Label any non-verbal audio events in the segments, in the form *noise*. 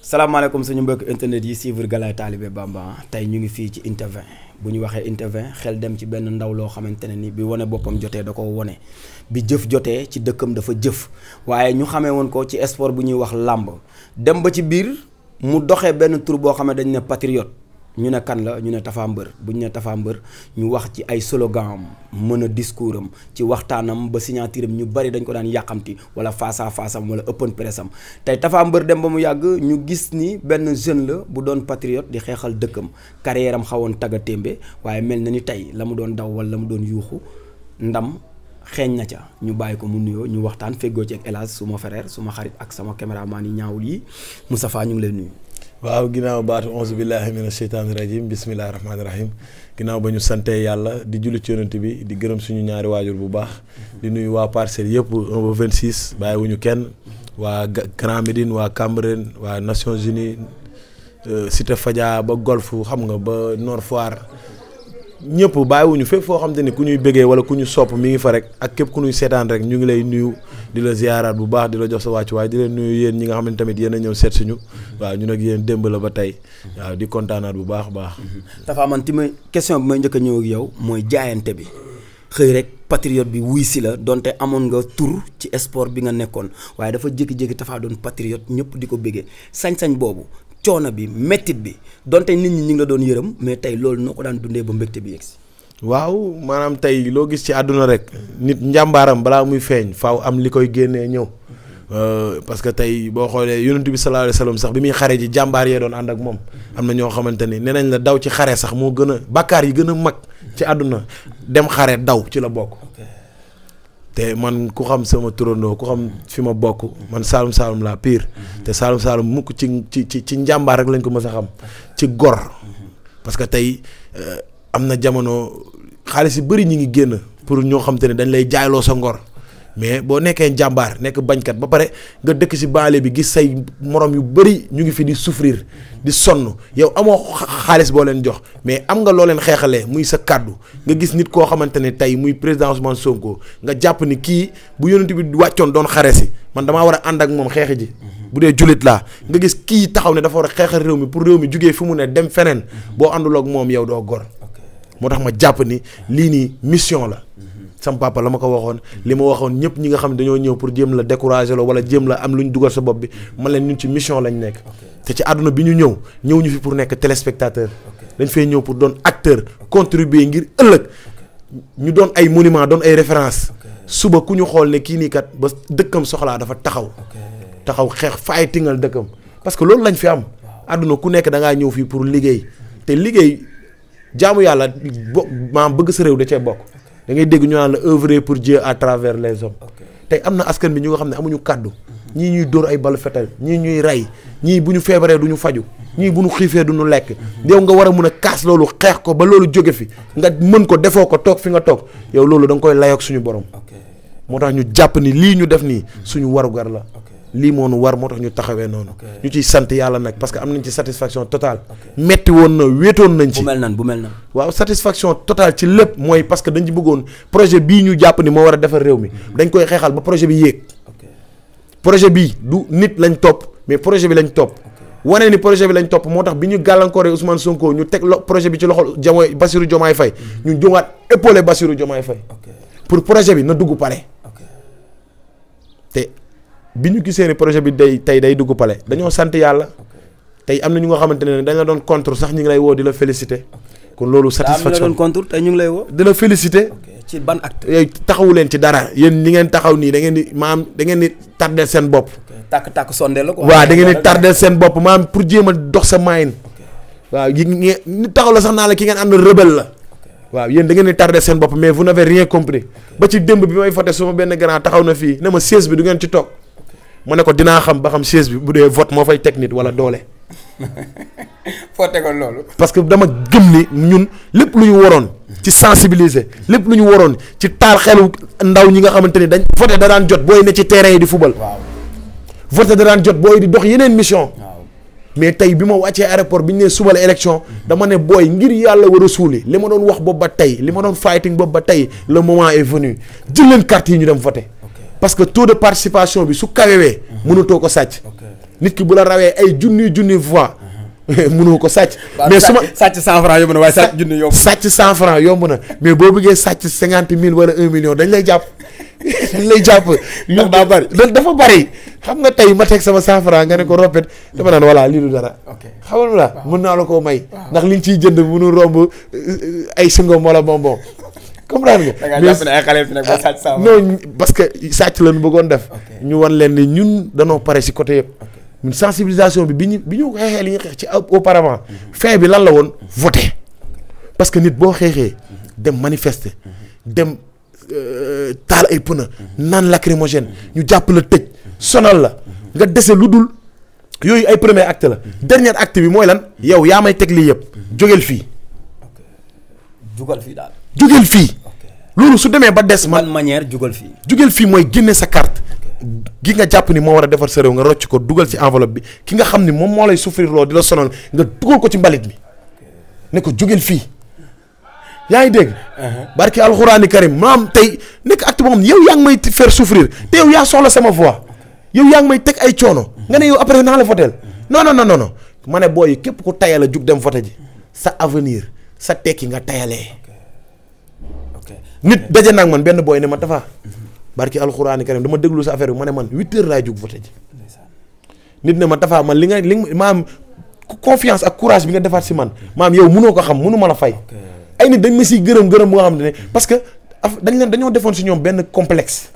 salaamaaleykum suñu mbokk internet yi suivre Galaye Talibé Bamba tey ñu ngi fii ci intervin bu ñu waxee intervin xel dem ci benn ndaw loo xamante ne ni bi wane boppam jotee da ko wane bi jëf jotee ci dëkkam dafa jëf waaye ñu xamee woon ko ci sport bu ñuy wax làmb dem ba ci biir mu doxee benn tur boo xam dañu ne patriote ñu ne kan la ñu ne Tapha mbër bu ñu ne Tapha Mbeur ñu wax ci ay slogan am mën a discours am ci waxtaanam ba signature am ñu bari dañ ko daan yàqamti wala face à face am wala open press am tey Tapha Mbeur dem ba mu yàgg ñu gis ni benn jeune la bu doon patriote di xeexal dëkkam carrière am xawoon tagga témbe waaye mel na ni tey la mu doon daw wala la mu doon yuuxu ndam xeeñ na ca ñu bàyyi ko mu nuyoo ñu waxtaan feggoo ci ak El suma frère suma xarit ak sama caméraman yi ñaawul yi Moustapha ñu ngi lay nuyu. waaw ginnaaw baatu onze billahi mina sheytaani rajim bisimillahi rahmaani rahim ginnaaw ba ñu sante yàlla di julli ci yonent bi di gërëm suñu ñaari waajur bu baax di nuyu waa parcelle yëpp 1 ba 26 bàyyiwuñu kenn waa Grand Médine waa Cambérène waa Nations Unies euh, Cité Fadia ba Golf xam nga ba noor Foire ñëpp bàyyiwuñu fépp foo xam te ni ku ñuy bëggee wala ku ñu sopp mu ngi fa rek ak képp ku ñuy seetaan rek ñu ngi lay nuyu di la ziyaaraat bu baax di jox sa wàcc waaye di leen nuyu yéen ñi nga xam ne tamit yéen a ñëw seet suñu waaw ñu ak yéen démb la ba tey waaw di kontaanaat bu baax baax dafa man ti may question bi may njëkk a ñëw ak yow mooy jaayante bi xëy rek patriote bi wuy si la donte amoon nga tur ci sport bi nga nekkoon waaye dafa jékki-jékki Tapha Doon patriote ñëpp di ko bëggee sañ-sañ boobu coono bi méttit bi doon tey nit ñi ñi nga doon yërëm mais tey loolu noo ko daan dundee ba mbégte bi yegsi waaw maanaam tey loo gis ci àdduna rek nit njàmbaaram balaa muy feeñ faaw am li koy génnee ñëw euh, parce que tey boo xoolee yonent bi sallallahu alayhi wasallam sax bi muy xare ji jàmbaar yee doon ànd ak moom am na ñoo xamante ni nee nañ la daw ci xare sax moo gën a bakkaar yi gën a mag ci àdduna dem xare daw ci la bokk te man ku xam sama turandoo ku xam fi ma bokk man Saalum Saalum laa pire te Saalum Saalum mukk ci ci ci njàmbaar rek lañ ko mës a xam ci gor parce que tey euh, am na jamono xaalis yu bëri ñi ngi génn pour ñoo xam te ne dañ lay jaayloo sa ngor mais boo nekkee njàmbaar nekk bañkat ba pare nga dëkk ci baale bi gis say moroom yu bëri ñu ngi fi di souffrir di sonn yow amoo xaalis boo leen jox mais am nga loo leen xeexalee muy sa kàddu nga gis nit koo xamante ne tey muy président Ousmane Sonko nga jàpp ni kii bu yonent bi wàccoon doon xare si man damaa war a ànd ak moom xeex ji mhm. bu dee julit laa nga gis kii taxaw ne dafa war a xeexal réew mi pour réew mi jugee fi mu ne dem feneen mhm. boo àndul ak moom yow doo gor moo tax ma jàpp ni lii nii mission la mhm. sam papa la ma ko waxoon li ma waxoon ñëpp ñi nga xam ne dañoo ñëw pour jéem la décourager la wala jéem la am lu ñu dugal sa bopp bi man leen ñun ci mission lañu nekk te ci àdduna bi ñu ñëw ñëw ñu fi pour nekk téléspectateur dañ fay ñëw pour doon acteur contribuer ngir ëllëg ñu doon ay monument doon ay référence suba ku ñu xool ne kii nii kat ba dëkkam soxlaa dafa taxaw taxaw xeex faay tingal dëkkam parce que loolu lañ fi am àdduna ku nekk da ñëw fii pour liggéey te liggéey jaamu yàlla bo bëgg sa réew da cee bokk da ngay dégg ñu naan la œuvrer pour Dieu à travers les hommes tey am na askan bi ñu nga xam ne amuñu kàddu ñii ñuy dóor ay balu fetal ñii ñuy rey ñii bu ñu feebaree du ñu faju ñii bu ñu xiifee du ñu lekk yow nga war a mun a kaas loolu xeex ko ba loolu jóge fi nga mën ko defoo ko toog fi nga toog yow loolu danga koy layoog suñu borom moo tax ñu jàpp ni lii ñu def nii suñu warugar la lii moo nu war moo tax ñu taxawee noonu. ñu ciy sant yàlla nag parce que am nañ ci satisfaction totale. metti woon na wéetoon nañ ci. bu mel nan bu mel nan. waaw satisfaction totale ci lépp mooy parce que dañ ci bëggoon projet bii ñu jàpp ni moo war a defar réew mi mhm. dañ koy xeexal ba projet bi yéeg. projet bii du nit lañ topp mais projet bi lañ topp. wane ni projet bi lañ topp moo tax bi ñu gàllankooree Ousmane Sonko ñu teg lo projet bi ci loxol Diomaye Bassirou Diomaye Faye mhm. ñu jógaat épaulé Bassirou Diomaye Faye pour projet bi na dugg pare. bi ñu gisee ne projet bi day tey day dugg pale dañoo sant yàlla tey am na ñu nga xamante ne dañ la doon contre sax ñu ngi lay woo di la féliciter kon loolu satisfaction doon contre tey ñu ngi lay woo di la ci ban acte yooyu leen ci dara yéen ñi ngeen taxaw nii da ngeen di maam da ngeen di tardel seen bopp tàkk tàkk sondeel la ko waaw da ngeen di tardel seen bopp maam pour jéem a dox sa maayin waaw yi ni taxaw la sax naa la ki ngeen am na rebelle la waaw yéen da ngeen di tardé seen bopp mais vous n'avez rien compris ba ci démb taxaw na fii ne bi du ngeen ci toog ma ne ko dinaa xam ba xam chaise bi bu dee vote moo fay teg nit wala doole. *laughs* tegoon loolu. parce que dama gëm ni ñun lépp lu ñu waroon ci sensibiliser lépp lu ñu waroon ci taal xelu ndaw ñi nga xamante ni dañ. vote da daan jot booy ne ci terrain yi di fubal. waaw vote da daan jot booy di dox yeneen mission. mais tey bi ma wàccee aéroport bi ñu nee suba la élection dama ne booy ngir yàlla war suuli li ma doon wax boobu ba tey li ma doon fighting boob ba tey le moment est venu jël leen carte yi ñu dem voté. parce que taux de participation bi su kawewee mhm. mënatoo ko sàcc nit ki bu la rawee ay junni junni voix mhm. *laughs* mënoo ko sàcc mais su ma sàcc cent franc yomb na waaye sàcc junni yomb cent franc yomb na mais boo bëggee sàcc cinquante mille wala un million dañ lay jàpp *laughs* dañ lay jàpp ñun daa bëri da dafa bëri *laughs* xam nga tey ma teg sama cent franc nga ne ko roppet dama naan voilà lii du dara xamal la mën naa la koo may ndax li nga ciy jënd mënu romb euh, euh, ay singom wala bonbon comprendre nga. da ngaa jàpp sàcc parce que sàcc la ñu bëggoon def. ñu wan leen ne ñun danoo pare si côté yëpp. ñun sensibilisation bi bi ñu bi ñu xeexee li ñu xeex ci auparavant. fin bi lan la woon voté. parce que nit boo xeexee. dem manifesté dem euh, taal ay pneu. naan lacrymogène. ñu jàpp la tëj. sonal la. nga dese lu dul. yooyu ay premier act la. dernier acte bi mooy lan. yow yaa may teg lii yëpp. jógeel fii. jugal jugeel fii loolu su demee ba des ma manière jugeel fii jugeel fii mooy génne sa kart gi nga jàpp ni moo war a defar sa réew nga rocc ko dugal ci enveloppe bi ki nga xam ni moom moo lay souffrir loo di la sonal nga dugal ko ci mbalit bi ne ko jugeel fii yaa ngi dégg. Uh-huh. barki alxuraani karim maam tey nekk acte moom xam yow yaa ngi may faire souffrir te yow yaa soxla sama voix yow yaa ngi may teg ay coono nga ne yow après naa la voteel uh-huh. non non non non ma ne booy képp ku tayal a jug dem vote ji sa avenir sa tekki nga tayalee. nit daje nag man benn booy ne ma tafaa barki alxuraani karim dama déglu sa affaire bi ma ne man huit heures laay jug voté ji nit ne ma tafaa man li nga li maam confiance ak courage bi nga defaat si man maam yow mënoo ko xam mënu ma la fay ay nit dañ ma si gërëm gërëm boo xam ne parce que dañ leen dañoo defoon si ñoom benn complexe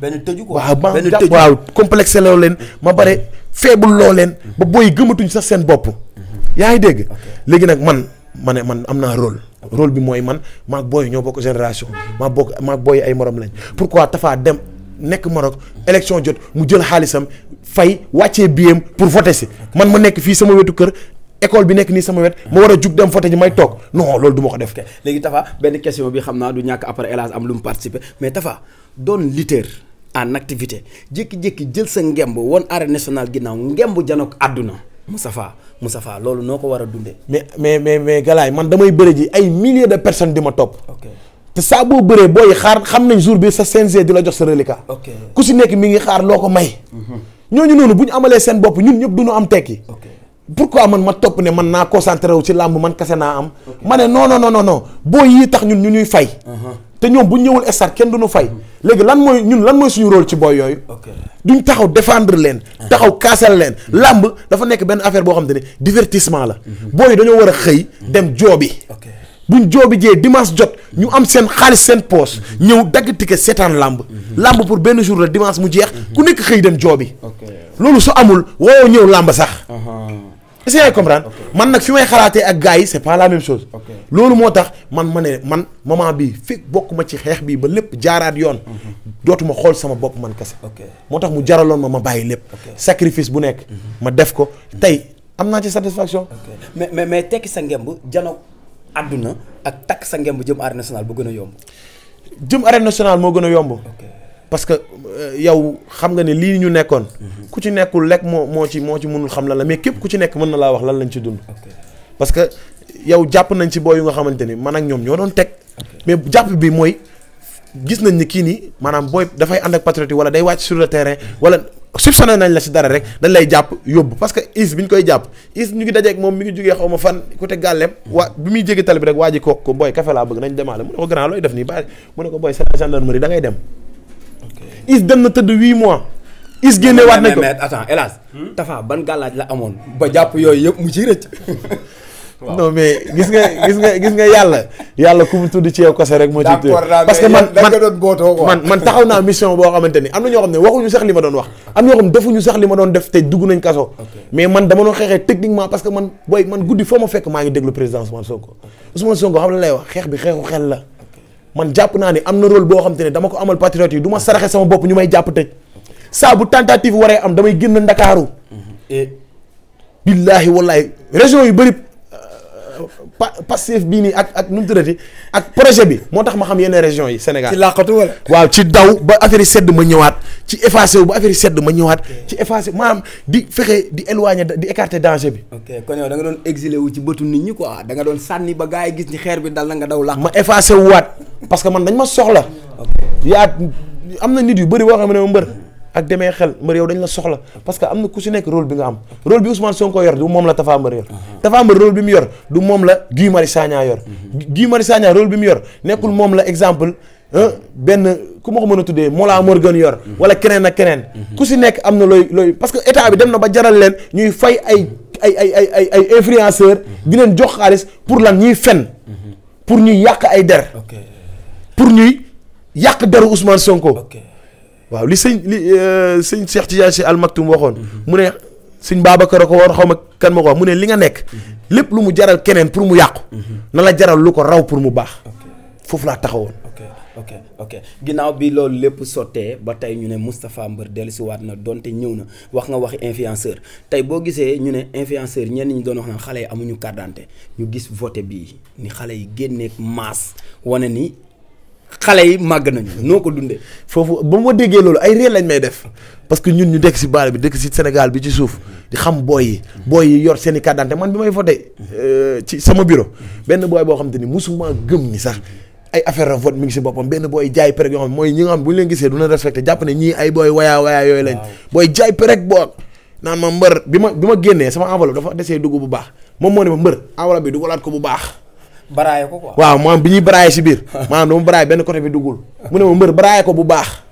benn ma quoi waaw benn tëju waaw complexe loo leen ma bare faible loo leen ba booy gëmatuñ sax seen bopp mhm. yaa ngi dégg léegi nag man ma ne man am naa rôle rôle bi mooy man maag booy ñoo bokk génération maa bokk maag booy ay moroom lañ pour pourquoi Tafa dem nekk Maroc élection jot mu jël xaalisam fay wàccee biem pour voter si man ma nekk fii sama wetu kër école bi nekk nii sama wet ma war a jug dem foto ji may toog non loolu du ko def. léegi Tafa benn question bi xam naa du ñàkk après El am lu mu participer mais Tafa don lutteur en activité jékki-jékki jël sa ngemb woon arène nationale ginnaaw ngemb janook àdduna. Moustapha Moustapha loolu noo ko war a dundee. mais mais mais mais galaay man damay bëri ji ay milliers de personnes di ma topp. te saa bëree booy xaar xam nañ jour bi sa CNG di la jox sa reliquat. ku si nekk mi ngi xaar loo ko may. Mhm. ñooñu noonu bu ñu amalee seen bopp ñun ñëpp du ñu am tekki. pourquoi man ma topp ne man naa concentré wu si làmb man kese naa am. ma ne non non non non boo yii tax ñun ñu ñuy fay. Mhm. te ñoom bu ñëwul stade kenn duñu fay léegi lan mooy ñun lan mooy suñu rôle ci booy yooyu duñ taxaw défendre leen uh-huh. taxaw kaasal leen mm-hmm. làmb dafa nekk benn affaire boo xam te ne divertissement la mm-hmm. booy yi dañoo war a xëy mm-hmm. dem joobi buñ joobi jee dimanche jot ñu am seen xaalis seen poos ñëw dagg ticket seetaan làmb làmb pour benn jour la dimanche mu jeex ku nekk xëy dem joobi loolu su amul woo ñëw làmb sax uh-huh. est-ce que man nag fi may xalaatee ak gars yi c'est pas la même chose. loolu moo tax man ma ne man moment bi fekk bokkuma ci xeex bi ba lépp jaaraat yoon. Mhm. dootuma xool sama bopp man kese. moo tax mu jaraloon ma ma bàyyi lépp. sacrifice bu nekk. Mhm. ma def ko tey am naa ci satisfaction. mais mais mais tekki sa ngemb jano àdduna ak takk sa ngemb jëm arène nationale bu gën a yomb. jëm arène nationale moo gën a yomb. parce que euh, yow xam nga ne lii ñu nekkoon. Mhm. ku ci nekkul lekk moo moo ci moo ci mënul xam lan la mais képp ku ci nekk mën na laa wax lan lañ ci dund. parce que yow jàpp nañ ci booy yu nga xamante ni man ak ñoom ñoo doon teg. mais jàpp bi mooy gis nañ ni nii maanaam booy dafay ànd ak wala day wàcc sur le terrain mhm. wala soupçonné nañ la si dara rek dañ lay jàpp yóbbu parce que ñu koy jàpp ñu ngi dajeeg moom mi ngi xaw ma fan côté gàllem waa bi muy jéggi tali bi rek waa ji kooku ko booy kafe laa bëgg nañ demaale mu ne ko grand looy def nii bàyyi mu ne ko booy c'est la gendarmerie da dem is dem na tëdd huit mois. is génne waat nañ ko mais mais ban gàllaaj la amoon ba jàpp yooyu yëpp mu ci rëcc. *laughs* non mais gis nga gis nga gis nga yàlla yàlla ku mu tudd ci yow rek moo ci parce que man taxaw naa mission boo xamante ni am na ñoo xam ne waxuñu sax li ma doon wax am ñoo xam ne defuñu sax li ma doon def te dugg nañ kaso mais man dama doon xeexee techniquement parce que man booy man guddi foo ma fekk maa ngi déglu président Ousmane Sonko la lay xeex bi xeexu xel la man jàpp naa ne am na rôle boo xam te ne dama ko amal patriote yi du ma saraxe sama bopp ñu may jàpp tëj saa bu tentative waree am damay génn Ndakaaru eh. billaahi wallaahi région yu bëri Pastef bii nii ak ak nu mu ak projet bi moo tax ma xam yenn région yi Sénégal. ci làqatu wala. waaw ci daw ba affaire yi sedd ma ñëwaat ci effacé wu ba affaire sedd ma ñëwaat. ci effacé maanaam di fexe di éloigner di écarter danger bi. ok kon yow da nga doon exilé wu ci bëtu nit ñi ko da nga doon sànni ba gars yi gis ñi xeer bi dal na nga daw làq. ma effacé wu waat parce que man dañ ma soxla. yaa am na nit yu bëri boo xam ne mbër. ak demee xel mbër yow dañ la soxla parce que am na ku si nekk role bi nga am rôle bi Ousmane Sonko yor du moom la Tafa Mbër yor Tafa Mbër rôle bi mu yor du moom la Guy Marius yor Guy Marius Sagna rôle bi mu yor nekkul moom la exemple benn ku ma ko mën a tuddee Mollah Morgun yor wala keneen ak keneen ku si nekk am na looy looy parce que état bi dem na ba jaral leen ñuy fay ay ay ay ay ay ay influenceur di jox xaalis pour lan ñuy fen pour ñuy yàq ay der pour ñuy yàq deru Ousmane Sonko waaw li sëñ li euh, sëñ Cheikh Tidiane si almaktum waxoon mhm. mu ne sëñ Babacar a ko war xaw ma kan ma ko wax mu ne li nga nekk mhm. lépp lu mu jaral keneen pour mu yàqu mhm. na la jaral lu ko raw pour mu baax foofu laa taxawoon ok ok ginnaaw bi loolu lépp sottee ba tey ñu ne Moustapha Mbeur dellusiwaat na donte ñëw na wax nga waxi influenceur tey boo gisee ñu ne influenceur ñenn ñi doon wax naan xale yi amuñu carte ñu gis voté bii ni xale yi génneeg masse wane ni xale yi màgg nañu noo ko dundee. foofu ba ma déggee loolu ay réel lañ may def parce que ñun ñu dekk si baal bi dëkk si Sénégal bi ci suuf di xam booy yi booy yor seen i man bi may voté euh, ci sama bureau benn booy boo xam te ni musuma gëm ni sax ay affaire vote mi ngi si boppam benn booy jaay perek yoo xam mooy ñi nga xam bu ñu leen gisee du leen respecté jàpp ne ñii ay booy wayaa wayaa yooyu lañ. booy jaay perek boo naan ma mbër bi ma bi ma génnee sama enveloppe dafa desee dugg bu baax moom moo ne ma mbër enveloppe bi dugalaat ko bu baax baraaye ko quoi waaw maanaam bi ñuy baraaye si biir *laughs* maanaam dama baraaye benn côté bi duggul mu ne ma mbër baraaye ko bu baax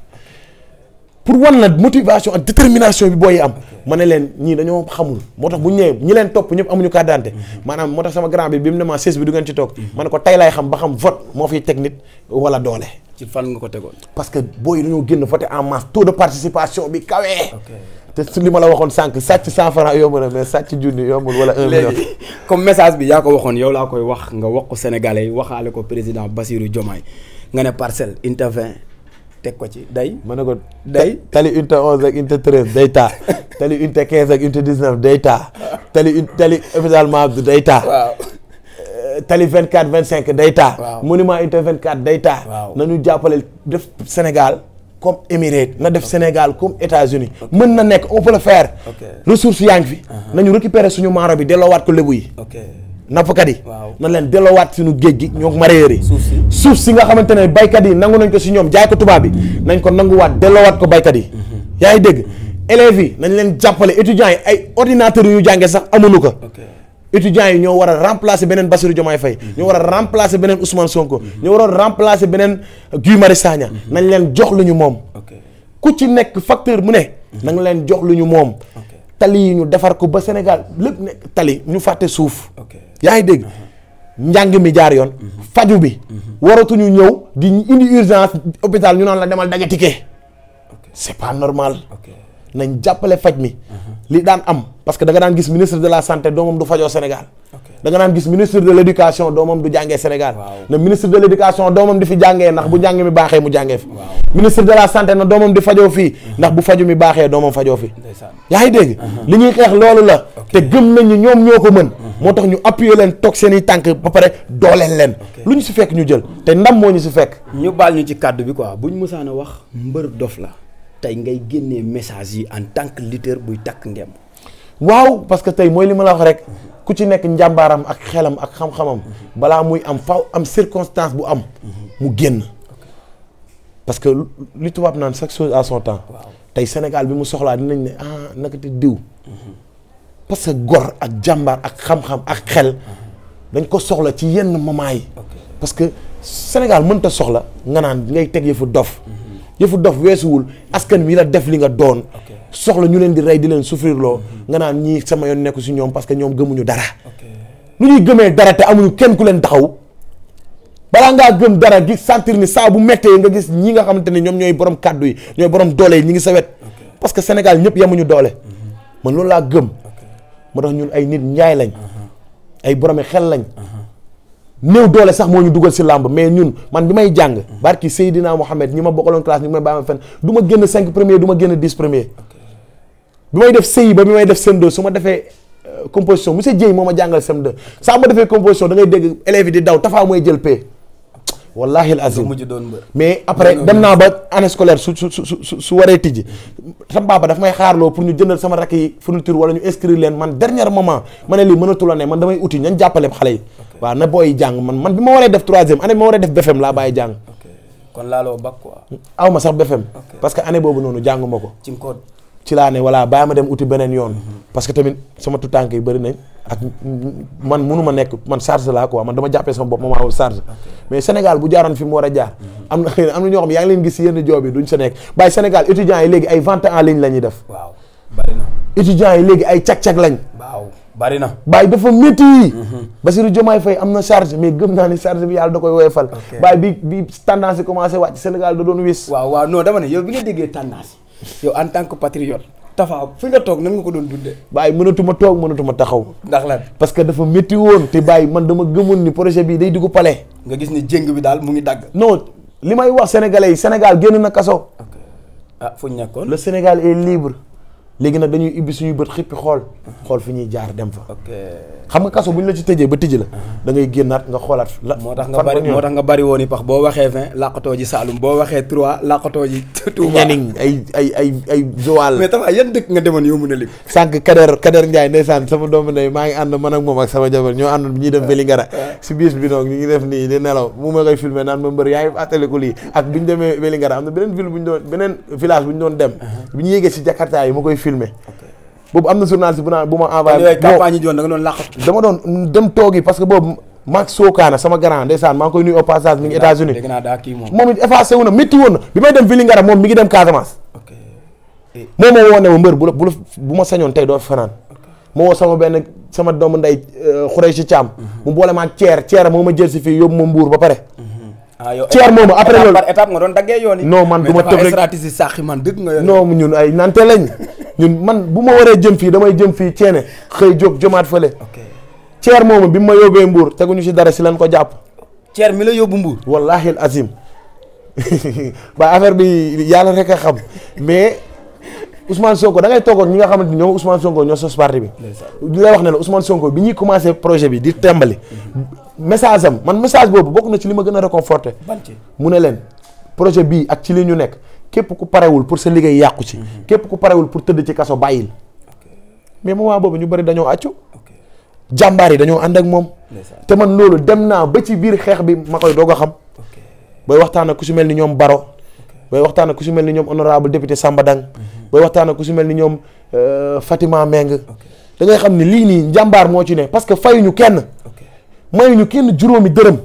pour wan la motivation ak détermination bi booy am ma ne leen ñii dañoo xamul moo tax bu ñu ñëwee ñi leen topp ñëpp amuñu carte d'identité mhm. maanaam moo tax sama grand bi bi mu ne ma sées bi du ngeen ci toog mhm. ma ne ko tey laay xam ba xam vote moo fiy teg nit wala doole. ci fan nga ko parce que booy dañoo génn voté en taux de participation bi kawee te su li ma la waxoon sànq sàcc cent franc yomb na mais sàcc junni yombul wala un million. léegi comme message bi yaa ko waxoon yow laa koy wax nga wax ko sénégalais waxaale ko président Bassirou Diomaye nga ne parcelle unité 20 teg ko ci day. mën na ko day tali unité 11 ak unité 13 *laughs* day taa tali unité 15 ak unité 19 day taa tali une tali hôpital Maabdou day taa. waaw euh, tali 24 25 day taa. waaw monument unité 24 day taa. waaw nañu jàppale def Sénégal. comme Émirats na def Sénégal comme États-Unis mën na nekk on peut le faire ressource yaa ngi fi uh-huh. nañu récupérer suñu maaro bi delloowaat ko lébu yi nappkat yi na leen delloowaat suñu géej gi ñoo mareyeur yi suuf si nga xamante ne baykat yi nangu nañ ko si ñoom jaay ko tubaab bi nañ ko nanguwaat delloowaat ko baykat yi uh-huh. yaa ngi dégg élèves yi nañ leen jàppale étudiants yi ay ordinateurs yu jànge sax amuñu ko étudiants yi ñoo war a remplacer beneen Bassirou Diomaye fay ñoo war a remplacer beneen Ousmane Sonko. ñoo war a remplacer beneen Guy Marius Sagna nañ leen jox lu ñu moom ku ci nekk facteur mu ne nanga leen jox lu ñu moom tali yi ñu defar ko ba Sénégal lépp nekk tali ñu fàtte suuf yaa ngi dégg njàng mi jaar yoon faju bi waratuñu ñëw di indi urgence hôpital ñu naan la demal daja ticket c'est pas normal nañ jàppale faj mi mhm. li daan am parce que da daan gis ministre de la santé doomam du fajoo Sénégal da nga naan gis ministre de l'éducation doomam du jàngee Sénégal na ministre de l'éducation doomam di fi jàngee ndax bu ah. jàng mi baaxee mu jàngee fi ministre de la santé na doomam di fajoo fii mhm. ndax bu faju mi baaxee doomam fajoo fi yaa ngi dégg mhm. li ñuy xeex loolu la te gëm nañ ñu ñoom ñoo ko mën moo tax ñu appuyer leen toog seen i tànk ba pare dooleel leen lu ñu si fekk ñu jël te ndam moo ñu si fekk ñu baal ñu ci kàddu bi quoi buñ musaana wax mbër dof la tey ngay génnee message yi en tant que lutteur buy takk ngem waaw parce que tey mooy li ma la wax rek ku ci nekk njàmbaaram ak xelam ak xam balaa muy am faw am circonstance bu am mu génn parce que li tubaab naan chaque chose à son temps tey Sénégal bi mu soxlaa dinañ ne ah naka diw parce que gor ak jàmbaar ak xam ak xel dañ ko soxla ci yenn moment yi parce que Sénégal mënta soxla nga naan ngay teg yëfu dof yëfu dof weesuwul askan wi la def li nga doon soxla ñu leen di rey di leen souffrir loo nga naan ñii sama yoon nekku si ñoom parce que ñoom gëmuñu dara lu ñuy gëmee dara te amuñu kenn ku leen taxaw balaa ngaa gëm dara gi sentir ni saa bu méttee nga gis ñi nga xamante ne ñoom ñooy borom kàddu yi ñooy borom doole yi ñi ngi sa wet parce que Sénégal ñëpp yemuñu doole mhm. man loolu laa gëm moo tax ñun ay nit njaay lañ mhm. ay boromi xel lañ mhm. néew doole sax moo ñu dugal si làmb mais ñun man bi may jàng barki Seydina Mohamed ñi ma bokkaloon classe ñu may bàyyi ma fenn du ma génn cinq premier du ma génn dix premier bi may def CI ba bi may def CM2 su ma defee euh, composition monsieur Dieye moo ma jàngal CM2 saa ma defee composition da ngay dégg élèves yi di daw tafaa mooy jël p wallahi al azim mais après dem naa ba année scolaire su su su su waree tijji sama baaba daf may xaarloo pour ñu jëndal sama rakk yi fourniture wala ñu inscrire leen man dernier moment ma ne lii mënatul a ne man damay uti ñan jàppaleem xale yi waaw na booy jàng man man bi ma waree def troisième année bi ma waree def BFEM laa bàyyi jàng kon laaloo bac quoi aw ma sax BFEM parce que année boobu noonu jànguma ko ci laa ne voilà bàyyi ma dem uti beneen yoon. parce que tamit sama tànk yi bëri nañ. ak man munu nekk man charge laa quoi man dama jàppee sama bopp ma maa charge mais Sénégal bu jaaroon fi mu war a am na xëy *laughs* na am na ñoo yaa ngi leen gis yenn job duñ nekk bàyyi Sénégal étudiants yi léegi ay vente en ligne la ñuy def. waaw bari na. étudiants waaw bari na. bàyyi dafa métti. Mhm. Bassirou Diomaye Faye na charge mais gëm naa ne charge bi yàlla da koy woyofal. ok bàyyi bi bi tendance yi commencé wàcc Sénégal da doon wis. waaw waaw non dama ne yow bi nga déggee tendance. yow en tant que patriote. Tafa fi nga toog nan nga ko doon dundee. bàyyi mënatuma toog mënatuma taxaw. ndax lan parce que dafa métti woon te bàyyi man dama gëmoon ni projet bi day dugg palais. nga gis ni jéng bi daal mu ngi dagg. non li may wax sénégalais Sénégal génn na kaso. ah fu ñu nekkoon le Sénégal est libre. léegi nag dañuy ibbi suñu bët xippi xool xool fi ñuy jaar dem fa. xam nga kaso bu ñu la ci tëjee ba tëj la. Uh-huh. da ngay génnaat nga xoolaat. la moo tax nga bari moo tax nga bari woon i pax boo waxee vingt làqatoo ji Saalum boo waxee trois làqatoo ji. Touba ñeneen ay ay ay ay Joal. mais tamit yan dëkk nga demoon yow mun a lim. sànq Kader Kader Ndiaye ndeysaan sama doomu ndey maa ngi ànd man ak moom ak sama jabar ñoo ànd ñuy dem Vélingara. Uh-huh. Uh-huh. si biis bi donc ñu ngi def nii di nelaw mu ma koy filmé naan ma mbër yaa ngi fàttaliku lii ak bi ñu demee Vélingara am na beneen ville bu ñu doon beneen village bu ñu doon dem bi ñu yéegee si Jakarta yi ma koy filmer boobu am na journaliste bu naan bu ma envoyé campagne yi doon da nga doon làqatu dama doon dem toog yi parce que boobu maag sookaana sama grand ndeysaan maa ngi koy nuyu au passage ngi États-Unis moom it effacé wu na métti woon ne ma mbër bu la bu ma sañoon tey doo fi fanaan moo woo sama benn sama doomu ndey xurey si caam mu boole maag ceer ceer moo ma jël si fii yóbbu ma mbuur ba pare ceer mhm. ah, moomu après loolu par étape doon daggee yoon yi non man du ma tëb rek stratégie sax man dëgg nga non ñun ay nante lañ *laughs* ñun man bu ma waree jëm fii damay jëm fii ceene xëy jóg jëmaat fële. ok ceer moomu bi ma yóbbee Mbour teguñu si dara si lan ko jàpp. ceer mi la yóbbu Mbour. wallaahi al azim *laughs* ba affaire bi yàlla rek a xam mais Ousmane Sonko da ngay toogoon ñi nga xamante ni ñoom Ousmane Sonko ñoo sos parti bi. li la wax ne la Ousmane Sonko bi ñuy commencé projet bi di tàmbali. message am man message boobu bokk na ci li ma gën a réconforté. mu ne leen projet bii ak ci li ñu nekk. képp ku parewul pour sa liggéey yàqu ci mhm. képp ku parewul pour tëdd ci kaso bàyyil mais moment boobu ñu bëri dañoo àccu jàmbaar yi dañoo ànd ak moom te man loolu dem naa ba ci biir xeex bi ma koy doog a xam booy waxtaan ak ku si mel ni ñoom Baro booy waxtaan ak ku si mel ni ñoom honorable député Samba Dang mhm. booy waxtaan ak ku si mel ni ñoom euh, Fatima Meng da ngay xam ni lii nii njàmbaar moo ci ne parce que ñu kenn mayuñu kenn juróomi dërëm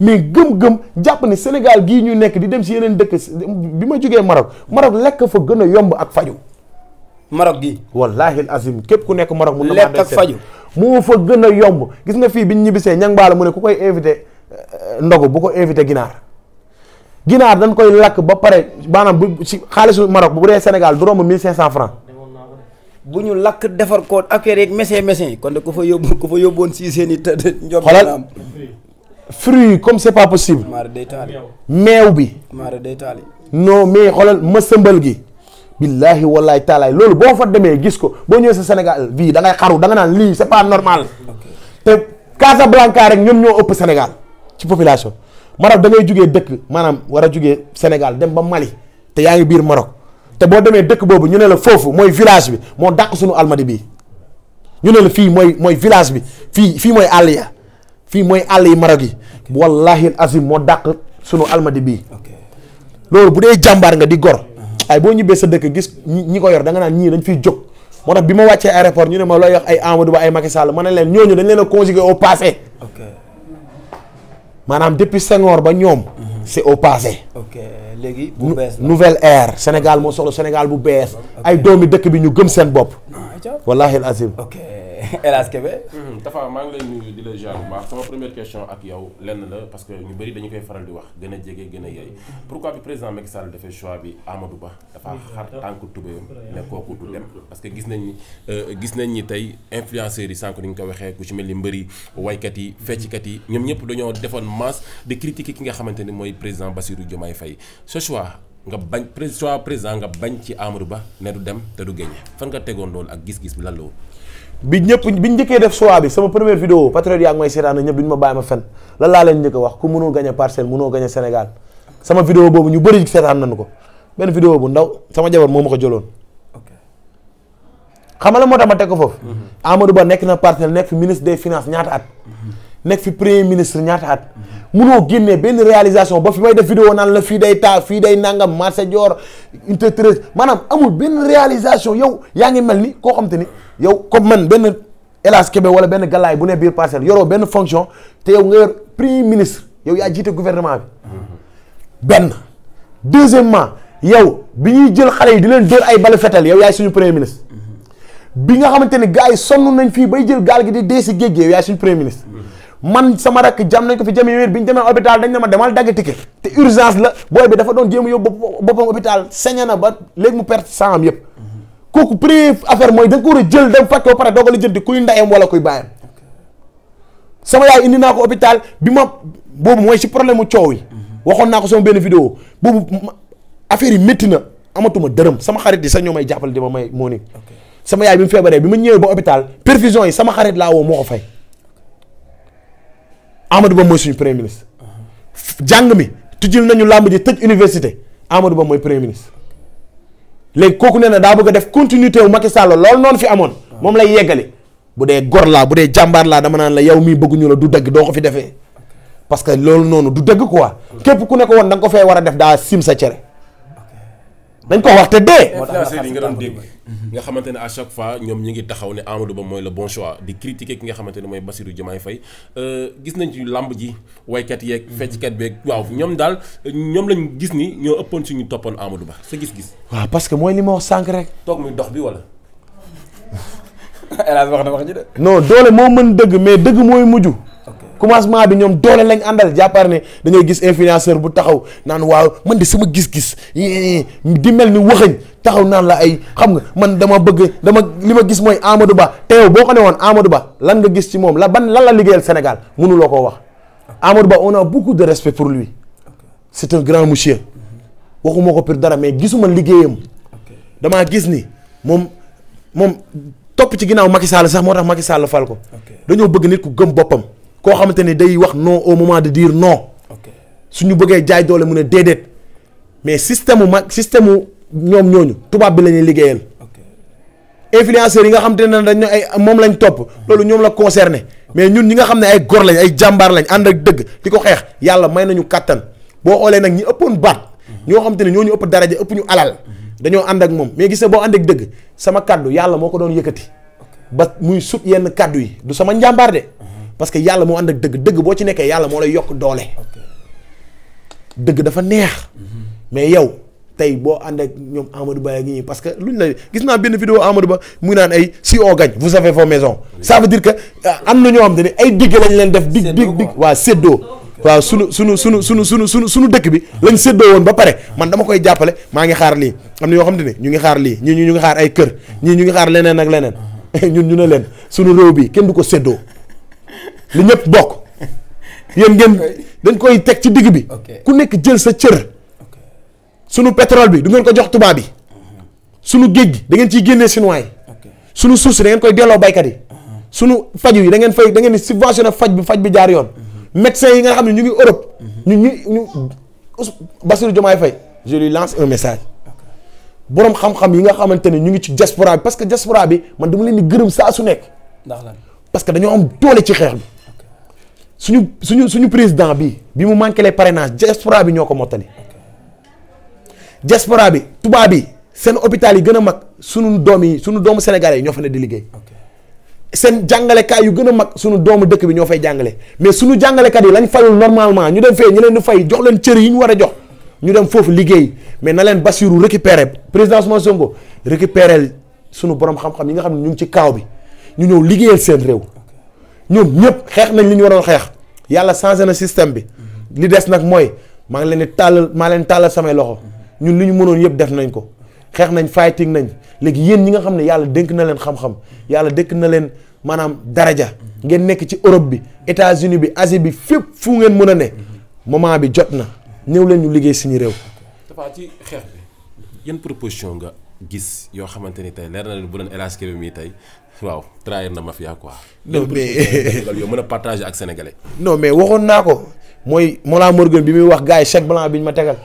mais gëm-gëm jàpp ne Sénégal gii ñu nekk di dem si yeneen dëkk bi ma jógee Maroc Maroc lekk fa gën a yomb ak faju Maroc gi wallahi azim képp ku nekk Maroc mun na lekk ak faju moo fa gën a yomb gis nga fii bi ñu ñibbisee ñang baala mu ne ku koy invité euh, ndogu bu ko invité ginaar ginaar dan koy lakk ba pare maanaam bu si xaalisu Maroc bu dee Sénégal du romb mille cinq cent francs bu ñu lakk defar ko ak yeeg messé messé kon de ku fa yóbbu ku fa yóbboon si seen fruits yi comme c'est pas possible. meew bi. non mais xoolal mësambal gi. billahi wallahi taalaay loolu boo fa demee gis ko boo ñëwee sa Sénégal bii da ngay xaru da nga naan lii c'est pas normal. te Casablanca rek ñun ñoo ëpp Sénégal ci population. Maroc da ngay jugee dëkk maanaam war a jógee Sénégal dem ba Mali te yaa ngi biir Maroc te boo demee dëkk boobu ñu ne la foofu mooy village bi moo dàq suñu almadi bi ñu ne la fii mooy mooy village bi fii fii mooy àll fii mooy àll yi Maroc yi wallahi azim moo dàq suñu almadi bi loolu bu dee jàmbaar nga di gor uh-huh. ay boo ñibbee sa dëkk gis ñi ko yor da nga naan ñii dañ fiy jóg moo tax bi ma wàccee aéroport ñu ne ma looy wax ay Amadou ay Macky Sall ma ne leen ñooñu dañ leen a conjugué au passé maanaam depuis Senghor ba ñoom uh-huh. c'est au passé léegi bu bees la nouvelle ère Sénégal moo soxla Sénégal bu bees ay doomi dëkk bi ñu gëm seen bopp ah, wallahi azim Elas *laughs* Kébé. Tafa maa ngi lay di la jaar bu baax sama première question ak yow lenn la parce que ñu bëri dañu koy faral di wax gën a jege gën a yey pourquoi bi président Macky Sall defee choix bi Amadou Ba dafa xar tànk tubéyam ne kooku du dem parce que gis nañ ni euh, gis nañ ni tey influenceurs yi sànq ni ñu ko waxee ku ci mel ni mbëri waykat yi fecckat yi ñoom ñëpp dañoo defoon masse de critiquer ki nga xamante ni mooy président Bassirou Diomaye Faye ce choix. nga bañ soit président bañ ci Amadou Ba ne du dem te du génne fan nga tegoon ak gis-gis bi lan la bi ñëpp bi ñu njëkkee def choix bi sama première vidéo patriote yaa ngi may seetaan na ñëpp duñu ma bàyyi ma fen lan leen njëkk a wax ku mënoo gañe parcelle mënoo gañe Sénégal sama vidéo boobu ñu bëri seetaan nañu ko benn vidéo bu ndaw sama jabar moo ma ko jëloon xam la moo tax ma teg ko foofu mhm. Amadou Ba nekk na parcelle nekk fi ministre des finance ñaata at mhm. nekk fi premier ministre ñaata at mhm. munoo génnee benn réalisation ba fi may def vidéo naan la fii day taa fii day nangam marché Dior unité 13 maanaam amul benn réalisation yow yaa ngi mel ni koo xam ni yow comme man benn Elas Kébé wala benn galaay bu ne biir parcelle yoroo benn fonction te yow nga yor premier ministre yow yaa jiite gouvernement bi benn deuxièmement yow bi ñuy jël xale yi di leen dóor ay balu fetal yow yaay suñu premier ministre bi nga xamante ne gars yi sonn nañ fii bay jël gaal gi di dee si géej gi yow yaay suñu premier ministre man sama rakk jam nañ ko fi jami wér bi ñu demee hôpital dañ ne ma demal dagg ticket te urgence la booy bi dafa doon jéem a yóbbu boppam hôpital saña na ba léegi mu perte sang yëpp kooku prix affaire mooy da a jël dem faj ko pare dooga la jënd kuy ndayam wala kuy bàyyam sama yaay indi naa ko hôpital bi ma boobu mooy si problème mu coow yi waxoon naa ko sama benn vidéo boobu affaire yi métti na amatuma dërëm sama xarit yi sax ñoo may jàppale di ma may moo ni sama yaay bi mu feebaree bi ma ñëwee ba hôpital perfusion yi sama xarit laa woo moo ko fay amadu Ba mooy suñu premier ministre. jàng mi tujjil nañu làmb ji tëj université Amadou Ba mooy premier ministre léegi kooku nee na daa bëgg a def continuité wu Macky Sall loolu noonu fi amoon. moom lay yeggali. bu dee gor laa bu dee jàmbaar laa dama naan la yow mii bëgguñu la du dëgg doo ko fi defee parce que loolu noonu du dëgg quoi. képp ku ne ko woon da ko fee war a def daa sim sa cere. dañ ko wax te dee. influenceurs yi nga doon dégg nga xamante ne à chaque fois ñoom ñu ngi taxaw ne Amadou Ba mooy le bon choix di critiquer ki nga xamante ne mooy Bassirou Diomaye Faye euh, gis nañ làmb ji waykat yeeg fecckat beeg waaw ñoom daal ñoom lañu gis ni ñoo ëppoon suñu toppoon Amadou Ba sa gis-gis. waaw parce que mooy li ma wax sànq rek. toog dox bi wala. El *laughs* wax na wax ji de. doole moo mën dëgg mais dëgg mooy mujj. commencement bi ñoom doole lañ àndal jàppar ne da ngay gis influenceur bu taxaw naan waaw man di sama gis-gis di mel ni waxañ taxaw naan la ay xam nga man dama bëgg dama li ma gis mooy Amadou Ba teew boo ko ne woon Amadou Ba lan nga gis ci moom la ban lan la liggéeyal Sénégal mënuloo ko wax Amadou Ba on a beaucoup de respect pour lui c'est un grand monsieur waxuma ko pour dara mais gisuma liggéeyam damaa gis ni moom moom topp ci ginnaaw Macky Sall sax moo tax Macky Sall fal dañoo bëgg nit ku gëm boppam koo xamante ne day wax non o moment de dire su ñu bëggee jaay doole mu ne déedéet mais système mu mag système mu ñoom ñooñu tubaab bi lañuy liggéeyal. influenceurs yi nga xam te ne dañ ay moom lañ topp loolu ñoom la concerné mais ñun ñi nga xam ne ay góor lañ ay jàmbaar lañ ànd ak dëgg di ko xeex yàlla may nañu kàttan boo xoolee nag ñu ëppoon baat ñoo xam ne ñoo ñu ëpp daraja ëpp ñu alal dañoo ànd ak moom mais gis nga boo ànd ak dëgg sama kàddu yàlla moo ko doon yëkkati ba muy sut yenn kàddu yi du sama njàmbaar de parce que yàlla moo ànd ak dëgg dëgg boo ci nekkee yàlla moo lay yokk doole. dëgg dafa neex. Mhm. mais yow tey boo ànd ak ñoom Amadou Ba ak ñii parce que luñ la gis naa benn vidéo Amadou Ba mu naan ay si on gagne vous avez vos maisons. ça que euh, am na ñoo xam te ne ay digg lañ leen def. dig waa séddoo. waaw sunu sunu sunu sunu sunu sunu sunu dëkk bi ah. lañ séddoo woon ba pare man dama koy jàppale maa ngi xaar lii am na yoo xam ne ñu ngi xaar lii ñii ñu ngi xaar ay kër ñii ñu ngi xaar leneen ak leneen ah. *laughs* ñun ñu ne leen sunu réew bi kenn du ko séddoo. li ñëpp bokk yéen ngeen dañ koy teg ci digg bi. ku nekk jël sa cër. sunu pétrole bi du ngeen ko jox tubaab bi. sunu géej gi da ngeen ciy génnee chinois sunu suuf si da koy delloo baykat yi. Uh-huh. sunu faju yi da ngeen fay da ngeen di subventionné faj bi faj bi jaar yoon. Uh-huh. médecins yi nga xam ne ñu ngi Europe. Uh-huh. ñu ñu ñu Bassirou Diomaye Faye je lui lance message. boroom xam-xam yi nga xamante ne ñu ngi ci diaspora bi parce que diaspora bi man dama leen di gërëm saa su nekk. ndax lan parce que dañoo am doole ci xeex bi. suñu suñu suñu président bi bi mu manqué les parrainages diaspora bi ñoo ko mottali diaspora bi tubaab yi seen hôpital yi gën a mag suñu doom yi suñu doomu sénégalais yi ñoo fa ne di liggéey seen jàngalekaay yu gën a mag suñu doomu dëkk bi ñoo fay jàngale mais suñu jàngalekat yi lañ fayul normalement ñu dem fee ñu leen di fay jox leen cër yi ñu war a jox ñu dem foofu liggéey mais na leen Bassirou récupérer président Ousmane Sonko récupérer suñu borom xam-xam yi nga xam ne ñu ngi ci kaaw bi ñu ñëw liggéeyal seen réew ñoom ñëpp xeex nañ li ñu waroon xeex yàlla changé na système bi li des nag mooy maa ngi leen di tàllal maa leen tàllal samay loxo ñun li ñu mënoon yëpp def nañ ko xeex nañ fighting nañ léegi yéen ñi nga xam ne yàlla dénk na leen xam-xam yàlla dénk na leen maanaam daraja ngeen nekk ci Europe bi États-Unis bi Asie bi fépp fu ngeen mën a ne moment bi jot na ñëw leen ñu liggéey suñu réew. dafa ci xeex bi yan proposition nga gis yoo xamante ni tey leer na leen bu doon El mii tey waaw trahir na ma fi non mais *laughs* yow a partager ak sénégalais. non mais waxoon naa ko mooy Mollah Morgun bi muy wax gars yi chèque blanc bi ñu ma tegal.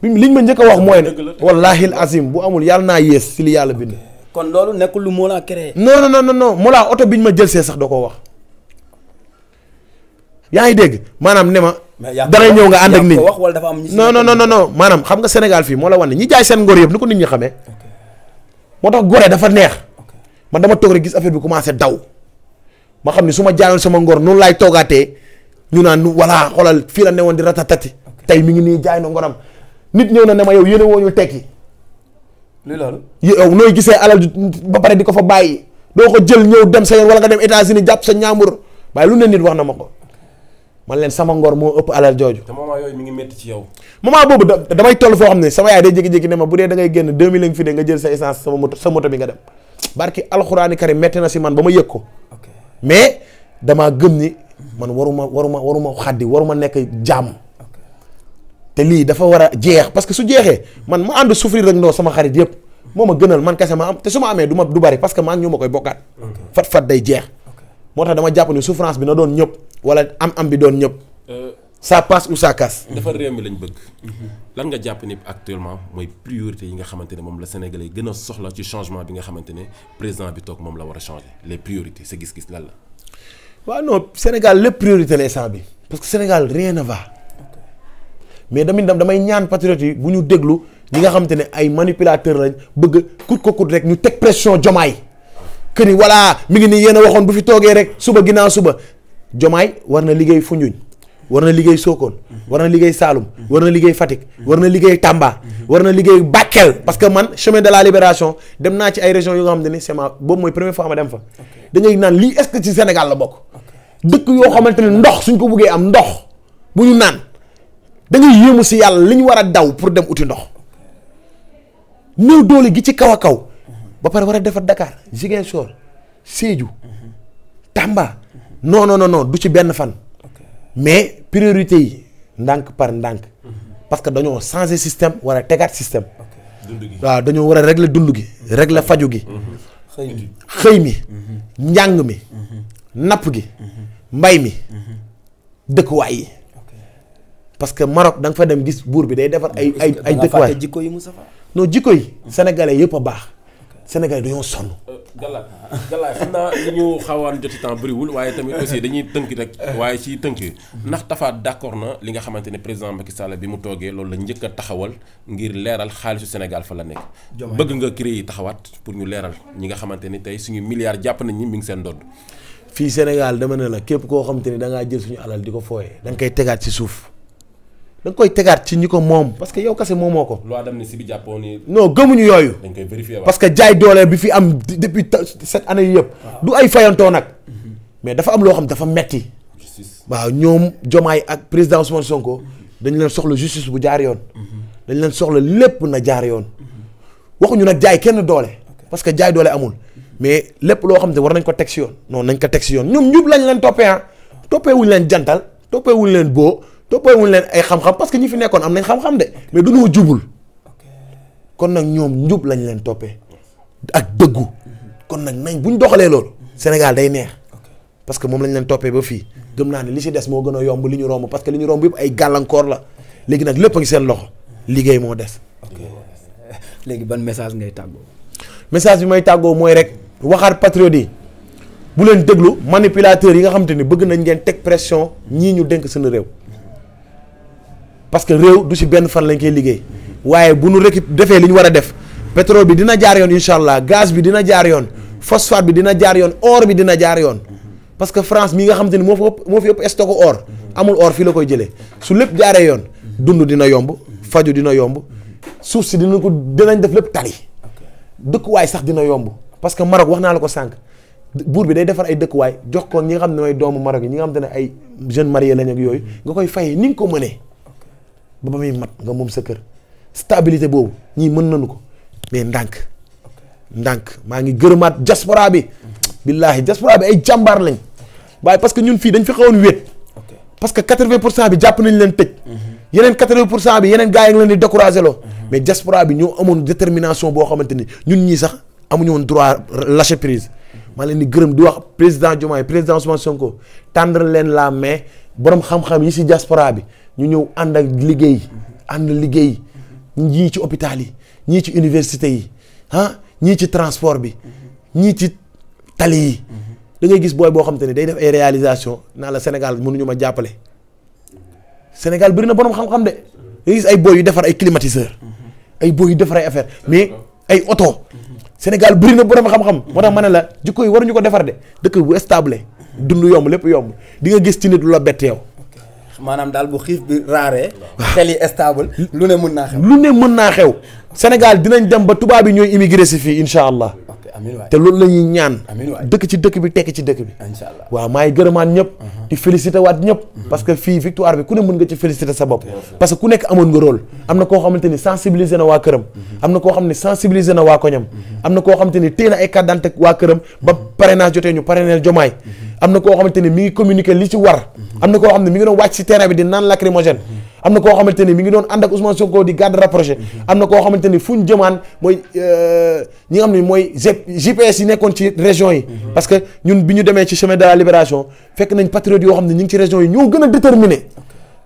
bi liñ ma njëkk a wax mooy ne. wallahi al azim bu amul yàlla naa yées si li yàlla bind. kon loolu nekkul lu Mollah créé. non non non non Mollah oto bi ñu ma jël see sax da koo ngi dégg maanaam ne ma. dangay ñëw nga ànd ak wax wala dafa am. non non non non xam nga Sénégal fii moo la wan ne ñi jaay seen ngor yëpp ni ko nit ñi xamee. moo tax gore dafa neex. man dama toog rek gis affaire bi commencé daw ma xam ne su ma jaayoon sama ngor noonu laay toogaatee ñu naan voilà xoolal fii la newoon di ratatati tey mi ngi nii jaay na ngoram nit ñëw na ne ma yow yéen a woo ñu tekki. li loolu. yow nooy gisee alal ba pare di ko fa bàyyi doo ko jël ñëw dem sa yoon wala nga dem États-Unis jàpp sa ñaambur waaye lu ne nit wax na ma ko man leen sama ngor moo ëpp alal jooju. te moment boobu damay toll foo xam ne sama yaay day jékki nga jël sa essence moto sa nga dem. barki alxuraani karim metti na si man ba ma yëg ko. mais damaa gën ni man waruma waruma waruma xaddi waruma nekk jàmm. te lii dafa war a jeex parce que su jeexee man ma ànd souffrir rek ndoo sama xarit yëpp moo a gënal man kese ma am te su ma amee du ma du bari parce que maa ngi ñu ma koy bokkaat. fat fat day jeex. moo tax dama jàpp ni souffrance bi na doon ñëpp wala am am bi doon ñëpp. Euh, ça passe ou ça casse. defar réew mi lañ bëgg. lan nga jàpp ni actuellement mooy priorité yi nga xamante ne moom la Sénégalais gën a soxla ci changement bi nga xamante ne président bi toog moom la war a changer les priorités sa gis-gis lan la. waaw no Sénégal lépp priorité les instant bi parce que Sénégal rien ne va mais damit dam damay ñaan patriotes yi bu ñu déglu ñi nga xamante ne ay manipulateurs lañ bëgg kut ko kut rek ñu teg pression jomaay que ni voilà mi ngi ni yéen a waxoon bu fi toogee rek suba ginnaaw suba jomaay war na liggéey fu war na liggéey Sokone war na liggéey Saloum war na liggéey Fatick war na liggéey Tamba war na liggéey Bakel parce que man chemin de la libération dem naa ci ay régions yoo nga xam ne ni c'est ma boobu mooy première fois ma dem fa da ngay naan lii est-ce que ci Sénégal la bokk dëkk yoo xamante ne ndox suñ ko buggee am ndox bu ñu naan da ngay si yàlla li ñu war a daw pour dem uti ndox néew doole gi ci kaw a kaw ba pare war a defar dakaar Ziguinchor soor mhm. Tamba non non non non du ci benn fan mais priorité yi ndànk par ndànk parce que dañoo changer système war a tegaat système. waaw dañoo war a régler dund gi. régler faju gi. xëy mi mhm. njàng mi. Mhm. napp gi. Mhm. mbay mi. dëkkuwaay yi. parce que Maroc da fa dem gis buur bi day defar ay ay ay dëkkuwaay. non jikko yi. sénégalais yëpp a baax sénégalais dañoo sonn. Galaye Galaye xam naa li ñu xawaan joti temps bëriwul waaye tamit aussi dañuy tënk rek waaye ci tënk yi ndax Tapha d'accord na li nga xamante ne président Macky Sall bi mu toogee loolu la njëkk taxawal ngir leeral xaalisu Sénégal fa la nekk bëgg nga créer yi taxawaat pour ñu leeral ñi nga xamante ni tey suñu milliards jàpp nañ ñi mi ngi seen dodd fii Sénégal dama ne la képp koo xam te ni da jël suñu alal di ko fooyee da nga koy tegaat ci suuf da koy tegaat ci ñi ko moom parce que yow kase moomoo ko. loi d'amnistie bi jàppoo ni. non gëmuñu yooyu. dañ koy vérifier parce que jaay doole bi fi am depuis cette année yii yëpp. du ay fayantoo nag. mais dafa am loo xam dafa metti waaw ñoom Jomaay ak président Ousmane Sonko dañ leen soxla justice bu jaar yoon. Mhm. dañ leen soxla lépp na jaar yoon. waxuñu nag jaay kenn doole. parce que jaay doole amul. mais lépp loo xam ne war nañ ko teg si yoon. non nañ ko teg si yoon ñoom ñub lañ leen toppee ah. toppee wuñ leen jantal toppee leen boo. toppewuñ leen ay xam-xam parce que ñi fi nekkoon am nañ xam-xam de mais dañoo jubul kon nag ñoom njub lañ leen toppee ak dëggu kon nag nañ bu ñu doxalee loolu Sénégal day neex parce que moom lañ leen toppee ba fii gëm naa ne li ci des moo gën a yomb li ñu romb parce que li ñu romb ay gàllankoor la léegi nag lépp a ngi seen loxo liggéey moo des. *laughs* léegi ban message ngay tàggoo. message bi may tàggoo mooy rek waxaat patriote yi bu leen déglu manipulateurs yi nga xam ni bëgg nañ ngeen teg pression ñii ñu denk seen réew. parce que réew du si benn fan lañ koy liggéey waaye bu nu récup defee li ñu war a def pétrole bi dina jaar yoon incha allah gaz bi dina jaar yoon phosphate bi dina jaar yoon or bi dina jaar yoon parce que France mii nga xam te ni moo fa ëpp moo fi ëpp or amul or fii la koy jëlee su lépp jaaree yoon dund dina yomb faju dina yomb suuf si dina ko dinañ def lépp tali dëkkuwaay sax dina yomb parce que Maroc wax naa la ko sànq buur bi day defar ay dëkkuwaay jox ko ñi nga xam ne mooy doomu Maroc yi ñi nga xam te ne ay jeunes mariés lañ ak yooyu nga koy fayee ni nga ko mënee. ba ba muy mat nga moom sa kër stabilité boobu ñii mën nañu ko mais ndànk ndànk maa ngi gërëmaat diaspora bi billaahi diaspora bi ay jàmbaar lañ waaye parce que ñun fii dañ fi xawoon wéet parce que quatre-vingt pour cent bi jàpp nañ leen tëj mhm. yeneen quatre-vingt pour cent bi yeneen gars yi nga leen di découragé loo mhm. mais diaspora bi ñoo amoon détermination boo xamante ni ñun ñii sax amuñu woon droit lâcher prise mhm. maa leen di gërëm di wax président Diomaye président Ousmane Sonko tendre leen la main borom xam-xam yi si bi ñu ñëw ànd ak liggéey ànd liggéey ñii ci hôpital yi ñii ci université yi ah ñii ci transport bi ñii ci tali yi da ngay gis booy boo xam te ne day def ay réalisation naa la Sénégal mënuñu ma jàppale Sénégal bëri na borom xam-xam de da gis ay booy yu defar ay climatiseur ay booy yu defar ay affaire mais ay oto Sénégal bëri na borom xam-xam moo tax ma ne la jikko yi ñu ko defar de dëkk bu stable dund yomb lépp yomb di nga gis ci nit lu la bett yow maanaam daal bu xiif bi raaree. xel yi stable lu ne mën naa xew. lu ne mën naa xew Sénégal dinañ dem ba tubaab yi ñooy immigré si fii incha allah. amiin waay te loolu la ñuy ñaan. dëkk ci dëkk bi tekki ci dëkk bi. incha allah waaw maay gërëmaan ñëpp. Uh-huh. di félicité waat ñëpp. Uh-huh. parce que fii victoire bi ku ne mën nga ci félicité sa bopp. parce que ku nekk amoon nga rôle. am na koo xamante ni sensibilisé na waa këram. Uh-huh. am na koo xam ne sensibilisé na waa koñam. am na koo xamante ni téye na ay carte d'identité waa këram ba parrainage jotee ñu parrainage jomaay. am na koo xamante ni mi ngi communiqué li ci war. am na koo xam ne mi ngi doon wàcc ci terrain bi di naan lacrymogène am na koo xamante ni mi ngi doon ànd ak Ousmane Sonko di garde rapproché mhm. am na koo xamante ni fu ñu jëmaan mooy euh, ñi nga xam ne mooy GPS yi nekkoon ci région yi mhm. parce que ñun bi ñu demee ci chemin de libération fekk nañ patriotes yoo xam ne ñu ngi ci région yi ñoo gën a déterminé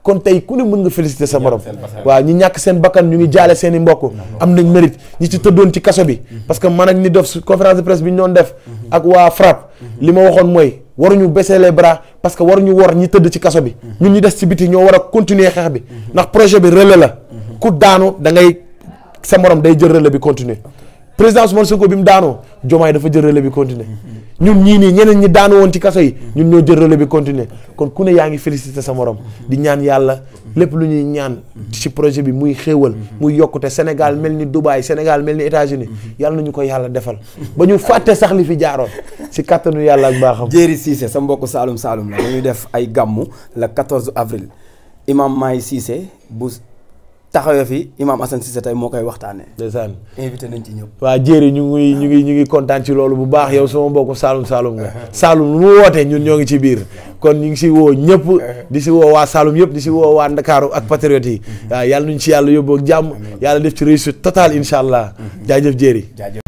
kon tey ku ne mën nga féliciter sa morom waaw ñi ñàkk seen bakkan ñu ngi jaale seeni mbokk am nañ mérite ñi ci tëddoon ci kaso bi mhm. parce que man ak ni dof conférence de presse bi ñu doon def ak waa FRAPP li ma waxoon mooy waruñu baisser les bras parce que waruñu wor ñi tëdd ci kaso bi. ñun ñi des ci biti ñoo war a continuer xeex bi. ndax projet bi relais la. ku daanu dangay ngay sa morom day jël relais bi continuer. président Ousmane ko bi mu daanoo Diomaye dafa jël relais bi continuer ñun ñii nii ñeneen ñi daanu woon ci kaso yi ñun ñoo jël relais bi continuer kon ku ne yaa ngi félicité sa morom di ñaan yàlla lépp lu ñuy ñaan ci projet bi muy xéewal muy yokkute Sénégal mel ni dubaay Sénégal mel ni États-Unis yàlla na ñu ko yàlla defal ba ñu fàtte sax li fi jaaroon si kàttanu yàlla ak baaxam Jéeri Cissé sa mbokk Saalum Saalum la dañuy def ay gàmmu le 14 avril imam Maay Cissé bu taxawee fi imaam Assane Cissé tey moo koy waxtaanee. ndeysaan invité nañ ci ñëpp. waa jéeri ñu ngi ñu ngi kontaan ci loolu bu baax yow sama mbokku Saalum Saalum nga. Saalum lu mu wootee ñun ñoo ngi ci biir. kon ñu ngi si woo ñëpp di si woo waa saalum yëpp di si woo waa Ndakaaru ak patriotes yi waaw yàlla nuñ ci yàlla yóbbu ak jàmm yàlla def ci réussite total incha allah jaajëf jéeri